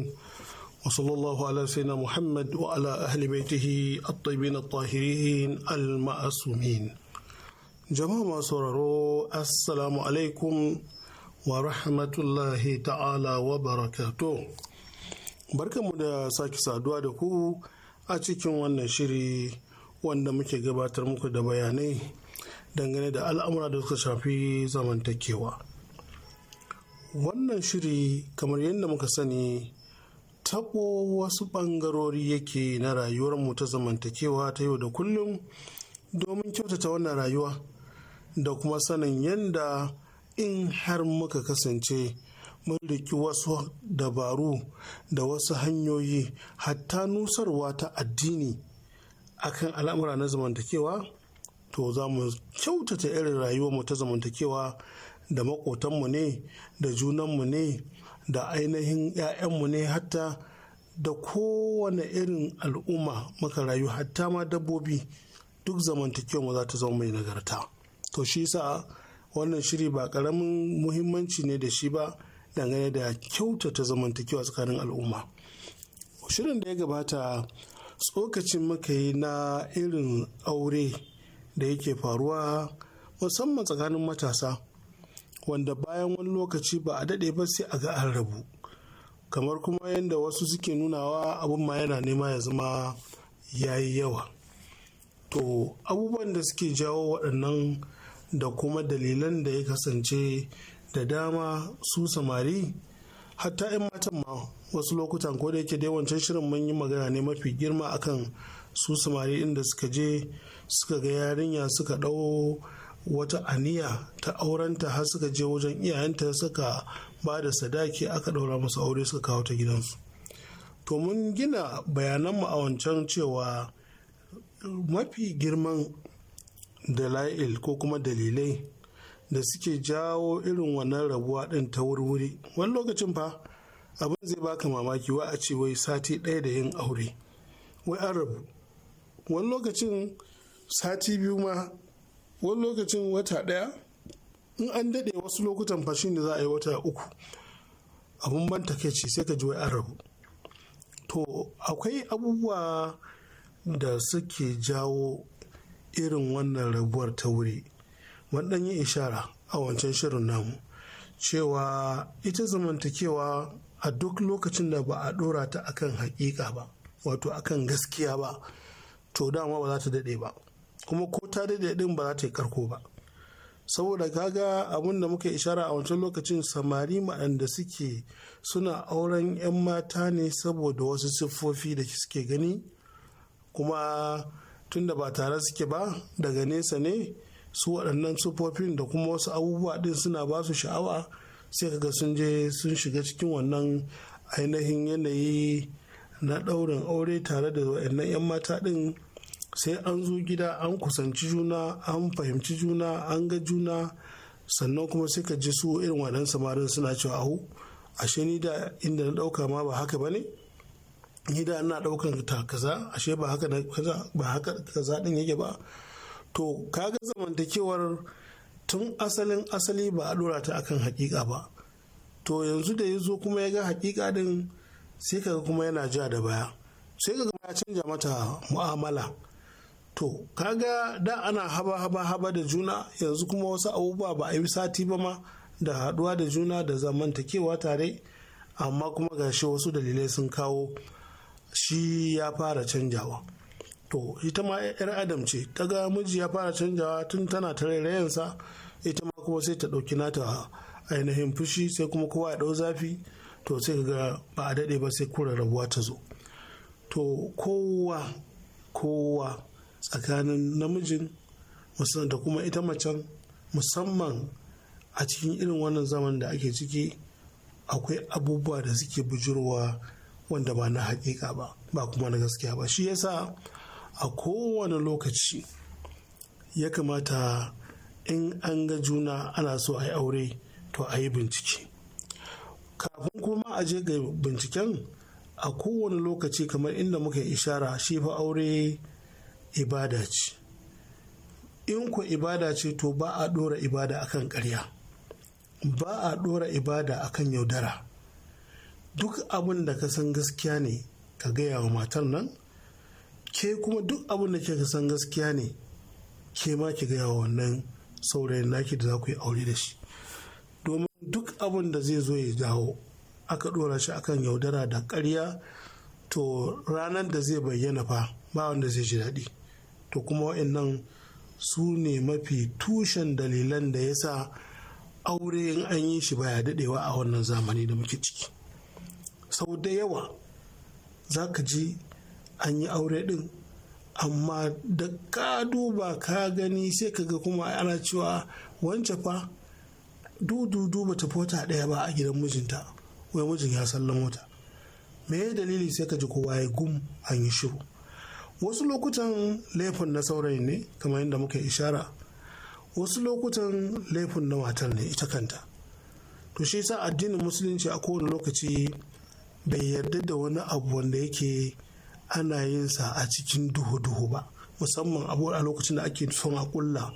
وصلى الله على سيدنا محمد وعلى أهل بيته الطيبين الطاهرين المعصومين جماعة سورارو السلام عليكم Wa rahmatullahi ta'ala wa barka barkanmu da sake saduwa da ku a cikin wannan shiri wanda muke gabatar muku da bayanai dangane da al'amura da suka shafi zamantakewa wannan shiri kamar yadda muka sani tabo wasu ɓangarori yake na rayuwarmu ta zamantakewa ta yau da kullum domin kyautata wannan rayuwa da kuma sanin yadda in har muka kasance mun riki wasu dabaru da wasu hanyoyi hatta nusarwa ta addini akan al'amura na zamantakewa to za mu kyautata irin rayuwarmu ta zamantakewa da makotanmu ne da junanmu ne da ainihin 'ya'yanmu ne hatta da kowane irin al'umma muka rayu hatta ma dabbobi duk zamantakewa za ta zama mai nagarta to shi sa wannan shiri ba karamin muhimmanci ne da shi ba dangane da kyautata zamantakewa tsakanin al'umma shirin da ya gabata tsokacin makayi na irin aure da yake faruwa musamman tsakanin matasa wanda bayan wani lokaci ba a daɗe ba sai a ga an rabu kamar kuma yadda wasu suke nunawa abin ma yana nema ya zama ya yi yawa to abubuwan da suke jawo waɗannan da kuma dalilan da ya kasance da dama su samari hatta 'yan matan ma wasu lokutan ko da yake dai wancan shirin mun yi magana ne mafi girma akan su samari inda suka je suka ga yarinya suka ɗau wata aniya ta aurenta har suka je wajen iyayenta suka ba da sadaki aka ɗaura masu aure suka kawo ta gidansu to mun gina bayananmu a wancan cewa mafi girman dala'il ko kuma dalilai da suke jawo irin wannan rabuwa ɗin ta wurwuri wani lokacin fa abin zai baka mamaki wa a ce wai sati ɗaya da yin aure wai an rabu wani lokacin sati biyu ma wani lokacin wata ɗaya in an daɗe wasu lokutan fa ne za a yi wata uku abun ban takaici sai ka ji wai an rabu to akwai abubuwa da suke jawo irin wannan rabuwar ta wuri wannan yi ishara a wancan shirin namu cewa ita zamantakewa a duk lokacin da ba a dora ta akan hakika ba wato akan gaskiya ba to dama ba za ta daɗe ba kuma ko ta daɗe ɗin ba za ta yi karko ba saboda kaga abin da muka ishara a wancan lokacin samari ma'anda suke suna auren 'yan mata ne saboda wasu siffofi da suke gani kuma tunda ba tare suke ba daga nesa ne su waɗannan sufofin da kuma wasu abubuwa ɗin suna ba su sha'awa sai kaga sun je sun shiga cikin wannan ainihin yanayi na ɗaurin aure tare da waɗannan 'yan mata ɗin sai an zo gida an kusanci juna an fahimci juna an ga juna sannan kuma sai ka ji su irin waɗannan samarin suna cewa ahu ashe ni da inda na ɗauka ma ba haka ba ne da na daukan ta kaza ashe ba haka ba haka kaza din yake ba to kaga zamantakewar tun asalin asali ba a dora ta akan hakika ba to yanzu da yazo kuma ya ga hakika din sai kaga kuma yana ja da baya sai kaga ya canja mata mu'amala to kaga da ana haba haba haba da juna yanzu kuma wasu abubuwa ba a yi sati ba ma da haduwa da juna da zamantakewa tare amma kuma gashi wasu dalilai sun kawo shi ya fara canjawa to ita ma 'yar adam ce ta ga miji ya fara canjawa tun tana ta rairayensa ita ma kuma sai ta ɗauki nata ainihin fushi sai kuma kowa ya ɗau zafi to sai ga ba a daɗe ba sai kura rabuwa ta zo to kowa kowa tsakanin namijin musamman da kuma ita macen musamman a cikin irin wannan zaman da ake ciki akwai abubuwa da suke bujurwa wanda ba na hakika ba ba kuma na gaskiya ba shi yasa a kowane lokaci ya kamata in an ga juna ana so a yi aure to a yi bincike kafin kuma a je ga binciken a kowane lokaci kamar inda muka ishara shi fa aure ibada ce in ku ibada ce to ba a ɗora ibada akan ƙarya ba a ɗora ibada akan yaudara duk abin da ka san gaskiya ne ka gaya wa matar nan ke kuma duk abin da ke san gaskiya ne ke ma ki gaya wa wannan saurayin naki da za ku yi aure da shi domin duk abin da zai zo ya dawo aka ɗora shi akan yaudara da ƙarya to ranar da zai bayyana fa ba wanda zai ji daɗi to kuma wa'annan su ne mafi tushen dalilan da ya sa aure in an yi shi baya daɗewa a wannan zamani da muke ciki. sau da yawa za ka ji an yi aure ɗin amma da ka duba ka gani sai ka ga kuma ana cewa wance fa duba ta fota ɗaya ba a gidan mijinta wai mijin ya sallan wata me ya dalili sai ka ji kowa ya gum an yi shiru wasu lokutan laifin na saurayi ne kamar yadda muka ishara wasu lokutan laifin na matar ne ita kanta to shi sa addinin musulunci a kowane lokaci bai yarda da wani abu wanda yake ana yin sa a cikin duhu-duhu ba musamman abu a lokacin da ake son a kulla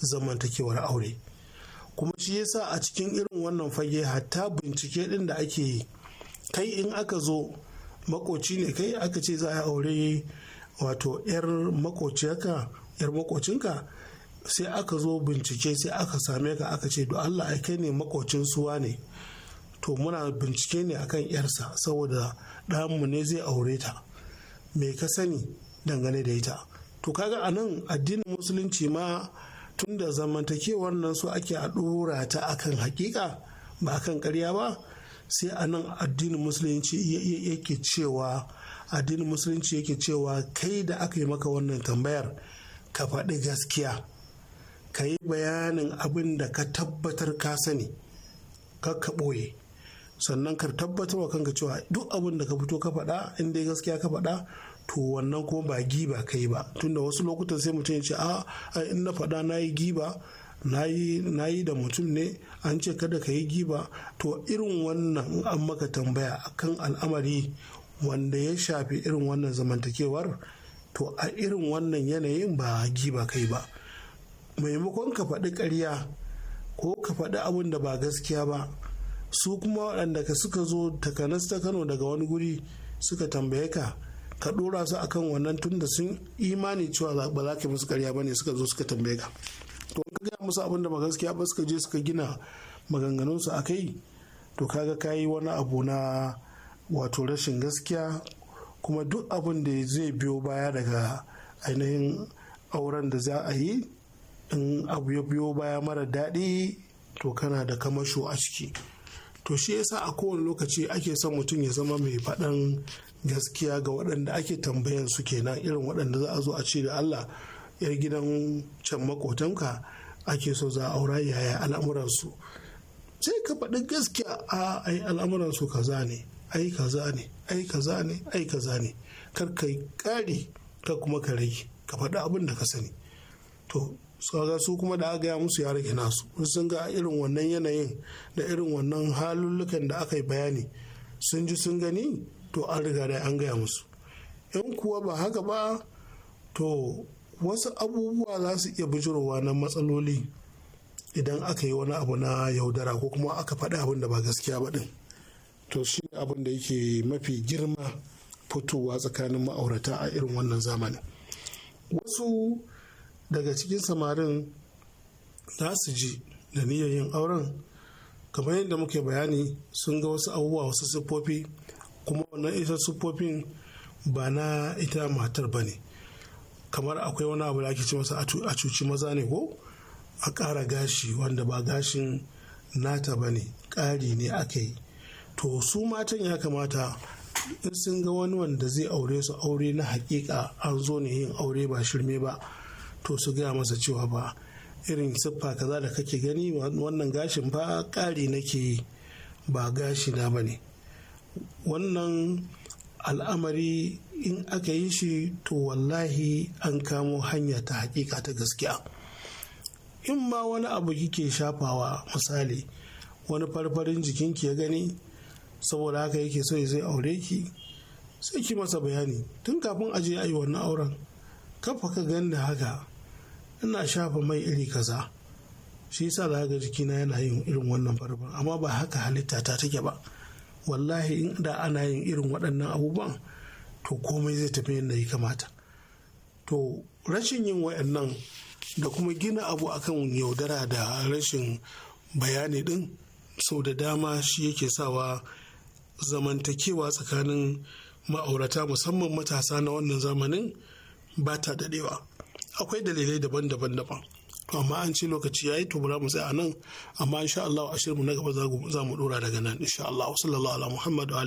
zamantakewar aure kuma shi yasa a cikin irin wannan fage hatta bincike din da ake yi kai in aka zo makoci ne kai aka ce za a aure wato 'yar makociyarka 'yar makocinka sai aka zo bincike sai aka same ka aka ce Allah ai kai ne makocin suwa ne to muna bincike ne akan yarsa saboda ɗanmu ne zai aure ta me ka sani dangane da ita to kaga a nan addinin musulunci ma tun da zamantakewar nan su ake a ɗora ta akan hakika ba akan ƙarya ba sai a nan addinin musulunci yake cewa addinin musulunci yake cewa kai da aka yi maka wannan tambayar ka faɗi gaskiya ka yi bayanin abin da ka tabbatar ka sani ka ɓoye sannan ka tabbatar wa kanka cewa duk abin da ka fito ka faɗa in dai gaskiya ka faɗa to wannan kuma ba giba kai ba tunda wasu lokutan sai mutum ya ce a in na faɗa na yi giba na yi da mutum ne an ce kada ka yi giba to irin wannan an maka tambaya kan al'amari wanda ya shafi irin wannan zamantakewar to a irin wannan yanayin ba giba kai ba maimakon ka faɗi karya ko ka faɗi abin da ba gaskiya ba su kuma waɗanda ka suka zo takanas ta kano daga wani guri suka tambaye ka ka ɗora su akan wannan tun da sun imani cewa ba za ka musu karya ba ne suka zo suka tambaye ka to ka gaya musu abin da ba ba suka je suka gina maganganunsu a kai to kaga ka yi wani abu na wato rashin gaskiya kuma duk abin da zai biyo baya daga ainihin auren da za a yi in abu ya biyo baya mara daɗi to kana da kamasho a ciki to shi yasa a kowane lokaci ake son mutum ya zama mai faɗan gaskiya ga waɗanda ake tambayan su kenan irin waɗanda za a zo a ce da Allah yar gidan can makotanka ake so za aura yaya al'amuransu sai ka faɗi gaskiya a ai al'amuransu kaza ne ai kaza ne ai kaza ne ai kaza ne kar kai ƙari ka kuma ka rage ka faɗi abin da ka sani to ga su kuma da aka ya musu ya rage nasu sun ga irin wannan yanayin da irin wannan halullukan da aka yi bayani sun ji sun gani to an riga da an gaya musu in kuwa ba haka ba to wasu abubuwa za su iya bijirowa na matsaloli idan aka yi wani abu na yaudara ko kuma aka faɗi abin da ba gaskiya ba ɗin to shi abin da yake mafi girma fitowa tsakanin ma'aurata a irin wannan zamanin wasu daga cikin samarin za su ji da niyyar yin auren kamar yadda muke bayani sun ga wasu abubuwa wasu siffofi kuma wannan isa siffofin ba na ita matar ba ne kamar akwai wani abu da ake ce masa a cuci maza ne ko a ƙara gashi wanda ba gashin nata ba ne ƙari ne aka yi to su matan ya kamata in sun ga wani wanda zai aure su aure na hakika an zo ne yin aure ba shirme ba to su gaya masa cewa ba irin siffa kaza da kake gani wannan gashin ba ƙari nake ba gashi na ba ne wannan al'amari in aka yi shi to wallahi an kamo hanya ta hakika ta gaskiya in ma wani abu kike shafawa misali wani farfarin ki ya gani saboda haka yake so ya zai aure ki sai ki masa bayani tun kafin aje a yi wannan auren kafa ka gani haka ina shafa mai iri kaza shi yasa da haka jikina yana yin irin wannan farban amma ba haka halitta ta take ba wallahi in da ana yin irin waɗannan abubuwan to komai zai tafi yadda ya kamata to rashin yin wayannan da kuma gina abu akan yaudara da rashin bayani din, sau da dama shi yake sawa zamantakewa tsakanin ma'aurata musamman matasa na wannan zamanin ba ta daɗewa akwai dalilai daban-daban daban amma an ce lokaci ya yi bura mu a nan amma insha Allah a na gaba za mu dora daga nan insha Allah sallallahu ala Muhammad wa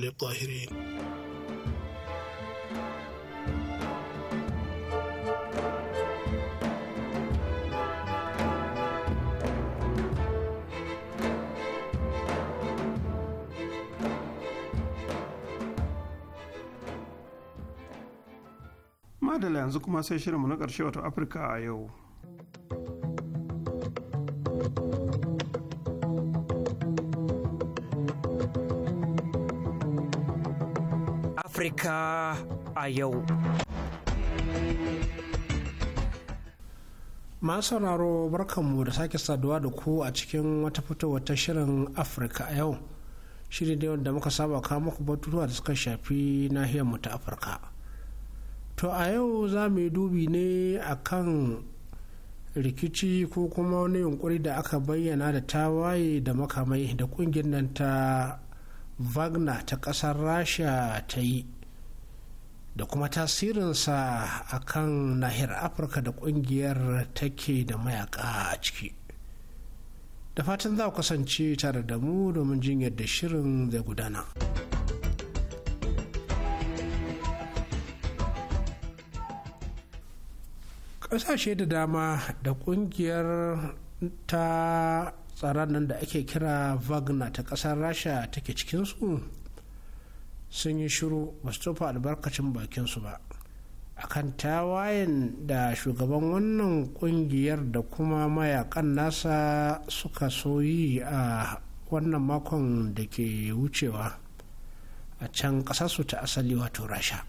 yanzu kuma sai shirinmu na ƙarshe wato afirka a yau afirka a yau masu sauraro barkanmu da sake saduwa da ku a cikin wata fitowa ta shirin afirka a yau shirin da muka saba kawo muku batutuwa da suka shafi nahiyar mu ta afirka to a yau za mu yi dubi ne a kan rikici ko kuma wani yunkuri da aka bayyana da tawaye da makamai da kungiyar nan ta wagner ta kasar rasha ta yi da kuma tasirinsa a kan nahiyar afirka da kungiyar take da mayaka a ciki da fatan za ku kasance tare da mu domin jinyar da shirin zai gudana. ƙasashe da dama da ƙungiyar ta tsaron nan da ake kira wagner ta ƙasar rasha take cikinsu sun yi shiru ba su tofa albarkacin bakinsu ba akan tawayen da shugaban wannan kungiyar da kuma mayakan nasa suka soyi a wannan makon da ke wucewa a can kasarsu ta asali wato rasha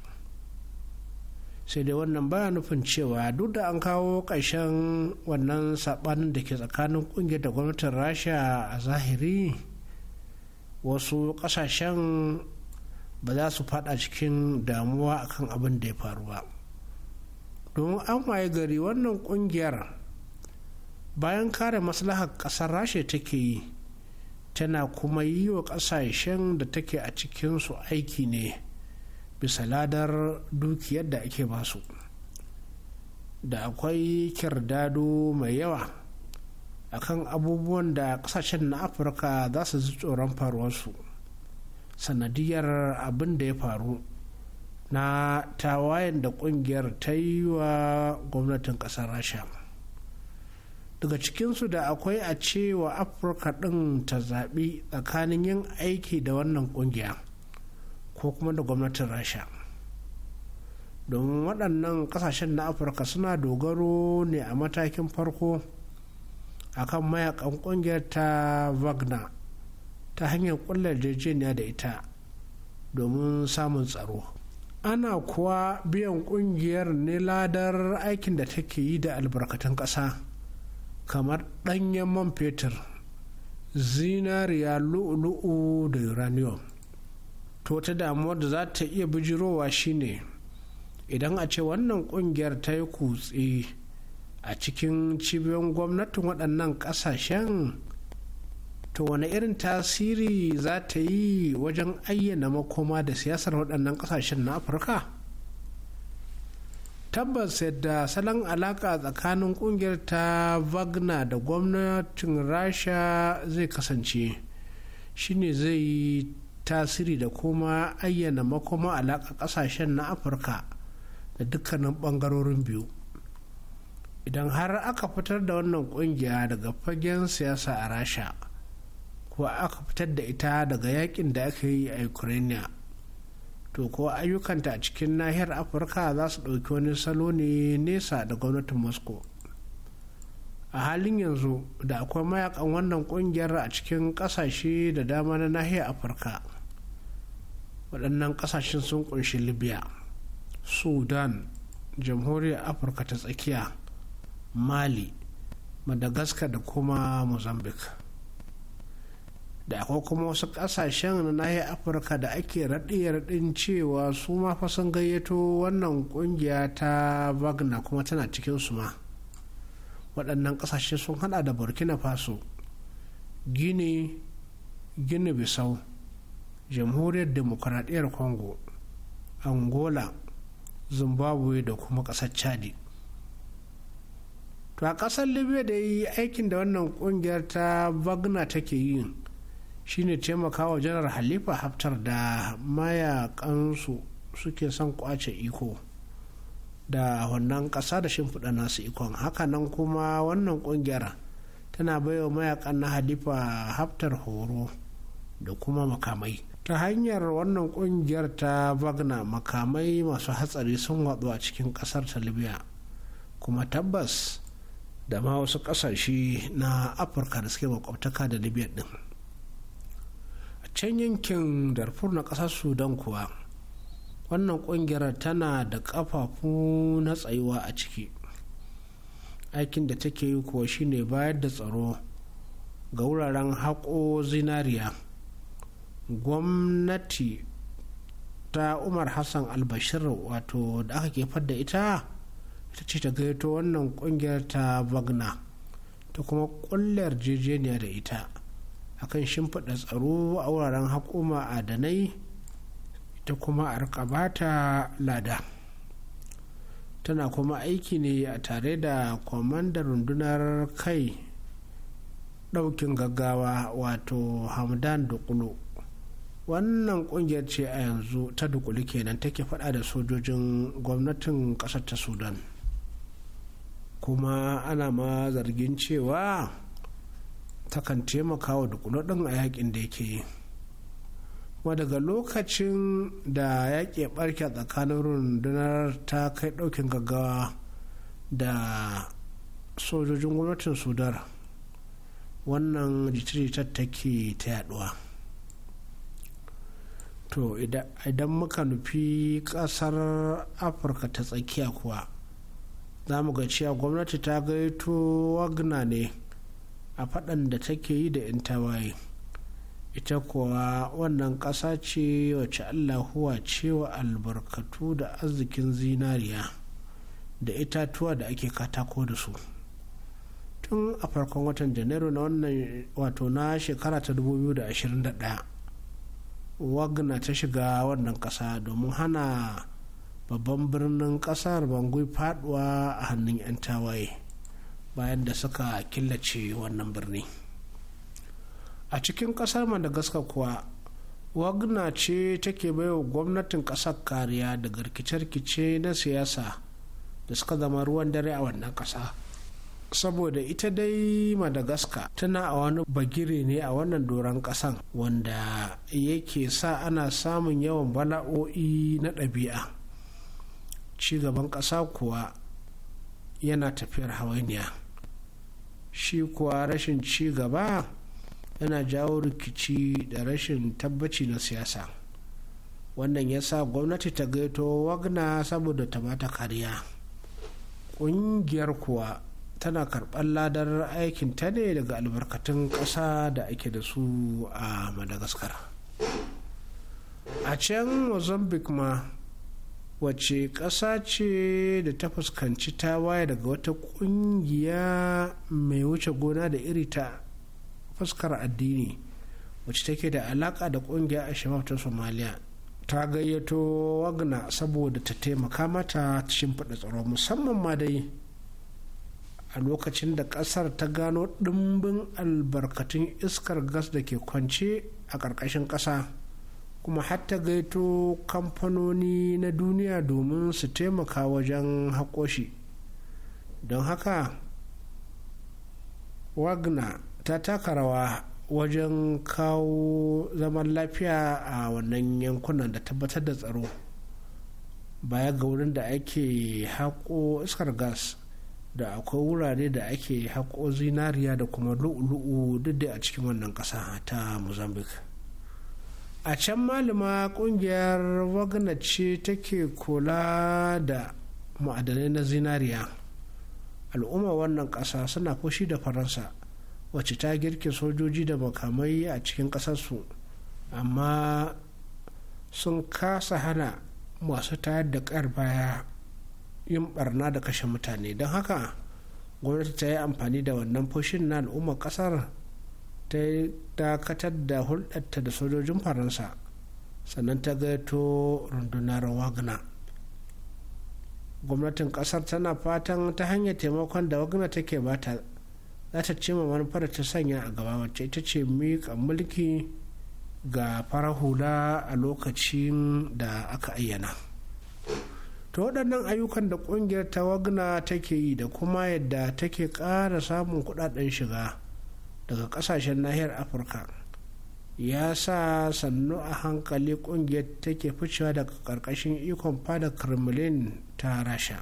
sai dai wannan baya nufin cewa duk da an kawo ƙarshen wannan saɓanin da ke tsakanin ƙungiyar da gwamnatin rasha a zahiri wasu ƙasashen ba za su fada cikin damuwa akan abin da ya faru ba domin an waye gari wannan ƙungiyar bayan kare maslahar ƙasar rasha take yi tana kuma yi wa ƙasashen da take a cikinsu aiki ne bisa ladar dukiyar da ake basu da akwai kirdado mai yawa akan abubuwan da kasashen na afirka za su ji tsoron faruwarsu sanadiyar abin da ya faru na tawayen da kungiyar ta yi wa gwamnatin kasar rasha daga cikinsu da akwai a cewa afirka ɗin ta zaɓi tsakanin yin aiki da wannan kungiya. ko kuma da gwamnatin rasha domin waɗannan ƙasashen na afirka suna dogaro ne a matakin farko a kan mayakan ƙungiyar ta wagner ta hanyar ƙullar yarjejeniya da ita domin samun tsaro ana kuwa biyan ƙungiyar ne ladar aikin da take yi da albarkatun ƙasa kamar ɗanyen man fetur zinariya lu'ulu'u da uranium to wata damuwar da za ta iya bijirowa shine idan a ce wannan kungiyar ta yi kutse a cikin cibiyoyin gwamnatin waɗannan ƙasashen to wani irin tasiri za ta yi wajen ayyana makoma da siyasar waɗannan ƙasashen na afirka tabbas yadda salon alaƙa tsakanin kungiyar ta wagner da gwamnatin rasha zai kasance shine zai tasiri da kuma ayyana makoma alaƙa ƙasashen na afirka da dukkanin ɓangarorin biyu idan har aka fitar da wannan ƙungiya daga fagen siyasa a rasha ko aka fitar da ita daga yakin da aka yi a ukraine to ko ayyukanta a cikin nahiyar afirka za su ɗauki wani salo ne nesa da gwamnatin moscow a halin yanzu da akwai mayakan wannan kungiyar a cikin kasashe da dama na nahiyar afirka waɗannan ƙasashen sun ƙunshi libya sudan jamhuriyar afirka ta tsakiya mali madagascar da kuma mozambique da akwai kuma wasu ƙasashen na nahiyar afirka da ake raɗe raɗin cewa su ma fa sun gayyato wannan ƙungiya ta wagner kuma tana cikin su ma waɗannan ƙasashe sun hada da burkina faso gini gini bisau jamhuriyar demokuraɗiyar congo angola zimbabwe da kuma ƙasar chadi to a ƙasar libya da yi aikin da wannan ƙungiyar ta bagna take yi shine taimakawa janar halifa haftar da mayakansu suke son kwace iko da wannan ƙasa da shimfiɗa nasu ikon hakanan kuma wannan ƙungiyar tana baiwa mayakan na halifa haftar horo da kuma makamai ta hanyar wannan kungiyar ta vagna makamai masu hatsari sun watsu a cikin kasar ta libya kuma tabbas da ma wasu kasashe na afirka da suke makwabtaka da libya din a can yankin darfur na kasar sudan kuwa wannan kungiyar tana da kafafu na tsayuwa a ciki aikin da take yi kuwa shine bayar da tsaro ga wuraren haƙo zinariya gwamnati ta umar hassan albashir wato da aka kefar da ita ita ce ta gaito wannan kungiyar ta bagna ta kuma kullar jejeniya da ita akan shimfiɗa tsaro a wuraren hakuma danai ta kuma arkabata lada tana kuma aiki ne a tare da kwamandar rundunar kai ɗaukin gaggawa wato hamdan dukulu wannan kungiyar ce a yanzu ta dukuli kenan take fada da sojojin gwamnatin kasar ta sudan kuma ana ma zargin cewa takan taimaka wa dukuladin a yakin da yake yi kuma daga lokacin da yaƙi barke tsakanin rundunar ta kai ɗaukin gaggawa da sojojin gwamnatin sudan wannan jita-jitar take ta yaduwa. to idan muka nufi kasar afirka ta tsakiya kuwa za mu ga cewa gwamnati ta gaito wagna ne a faɗan da take yi da 'yan tawaye ita kuwa wannan ƙasa ce wacce allahuwa wa albarkatu da arzikin zinariya da itatuwa da ake katako da su tun a farkon watan janairu na wannan wato na shekara ta 2021 wagna ta shiga wannan kasa domin hana babban birnin kasar bangui faduwa a hannun 'yan tawaye bayan da suka killace wannan birni a cikin ƙasar madagascar kuwa wagna ce take baiwa gwamnatin kasar kariya daga rikice-rikice na siyasa da suka zama ruwan dare a wannan kasa. saboda ita dai madagascar tana a wani bagire ne a wannan doron kasan wanda yake sa ana samun yawan bala'o'i na ɗabi'a cigaban ƙasa kuwa yana tafiyar hawainiya shi kuwa rashin ci gaba yana jawo rikici da rashin tabbaci na siyasa wannan ya sa gwamnati ta gaito wagna saboda ta mata kariya ƙungiyar kuwa tana karɓar ladar aikin ta ne daga albarkatun ƙasa da ake da su a madagaskar a can mozambique ma wace ƙasa ce da ta fuskanci tawaye daga wata ƙungiya mai wuce gona da iri ta fuskar addini wacce take da alaƙa da ƙungiya a shabab ta somalia ta gayyato wagna saboda ta taimaka mata shimfiɗa tsaro musamman ma dai a lokacin da kasar ta gano ɗimbin albarkatun iskar gas da ke kwance a ƙarƙashin ƙasa kuma hatta gaito kamfanoni na duniya domin su taimaka wajen haƙoshi don haka wagner ta taka rawa wajen kawo zaman lafiya a wannan yankunan da tabbatar da tsaro baya ga wurin da ake haƙo iskar gas da akwai wurare da ake haƙo zinariya da kuma lu'ulu'u duk da a cikin wannan ƙasa ta mozambique a can malama ƙungiyar wagner ce take kula da ma'adanai na zinariya al'umma wannan ƙasa suna fushi da faransa wacce ta girke sojoji da makamai a cikin ƙasarsu amma sun kasa hana masu tayar da ƙar baya yin barna da kashe mutane don haka gwamnati ta yi amfani da wannan fushin na al'ummar kasar ta dakatar da hulɗarta da sojojin faransa sannan ta gaito rundunar wagner gwamnatin kasar tana fatan ta hanyar taimakon da wagner take bata za ta cimma manufar ta sanya a gaba wacce ita ce miƙa mulki ga farar hula a lokacin da aka ayyana. ta waɗannan ayyukan da ƙungiyar ta wagna take yi da kuma yadda take ƙara samun kuɗaɗen shiga daga ƙasashen nahiyar afirka ya sa sannu a hankali ƙungiyar take ficewa daga ƙarƙashin ikon fada kremlin ta rasha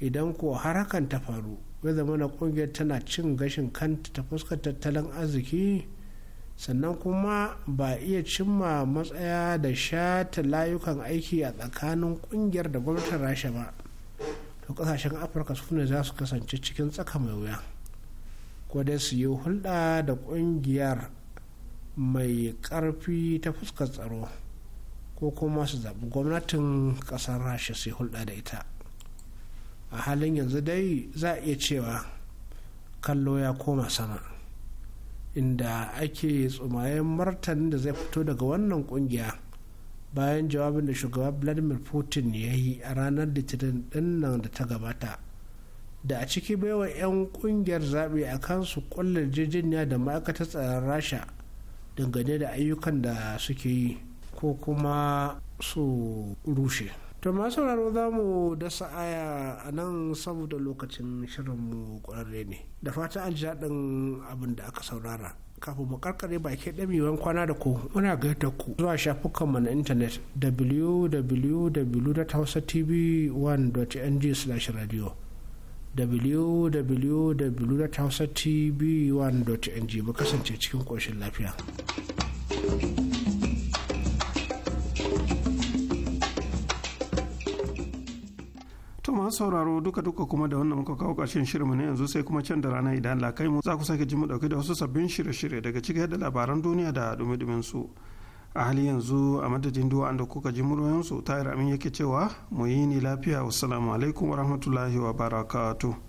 idan ko har hakan ta faru ya zama na ƙungiyar tana cin gashin kanta ta fuskar tattalin arziki sannan kuma ba iya cimma matsaya da shata layukan aiki a tsakanin kungiyar da gwamnatin rasha ba to kasashen afirka su ne za su kasance cikin tsaka mai wuya ko dai su yi hulɗa da kungiyar mai ƙarfi ta fuskar tsaro ko kuma su zaɓi gwamnatin ƙasar rasha su hulɗa da ita a halin yanzu dai za a iya cewa kallo ya koma sama. inda ake tsumayen martanin da zai fito daga wannan kungiya bayan jawabin da shugaba vladimir putin ya yi a ranar litinin dinnan da ta gabata da a ciki baiwa 'yan kungiyar zaɓe a kansu kullar jirginya da ma'aikatar tsaron rasha dangane da ayyukan da suke yi ko kuma su rushe to masu sauraro za mu dasa aya a nan saboda lokacin shirin mu kwararre ne da fata an ji daɗin abin da aka saurara kafin mu karkare baki ɗamewan kwana da ku muna gaita ku zuwa shafukanmu na intanet www.hausatv1.ng/radio www.hausatv1.ng mu kasance cikin ƙoshin lafiya. thank you To masu sauraro duka duka kuma da wannan muka kawo ƙarshen shirinmu ne yanzu sai kuma can da rana idan Allah kai mu za ku sake ji mu dauke da wasu sabbin shirye-shirye daga ciki yadda labaran duniya da dumi-dumin su. A hali yanzu a madadin duwa da kuka ji muryoyin su Tahir Amin yake cewa mu yi ni lafiya wassalamu alaikum wa barakatu.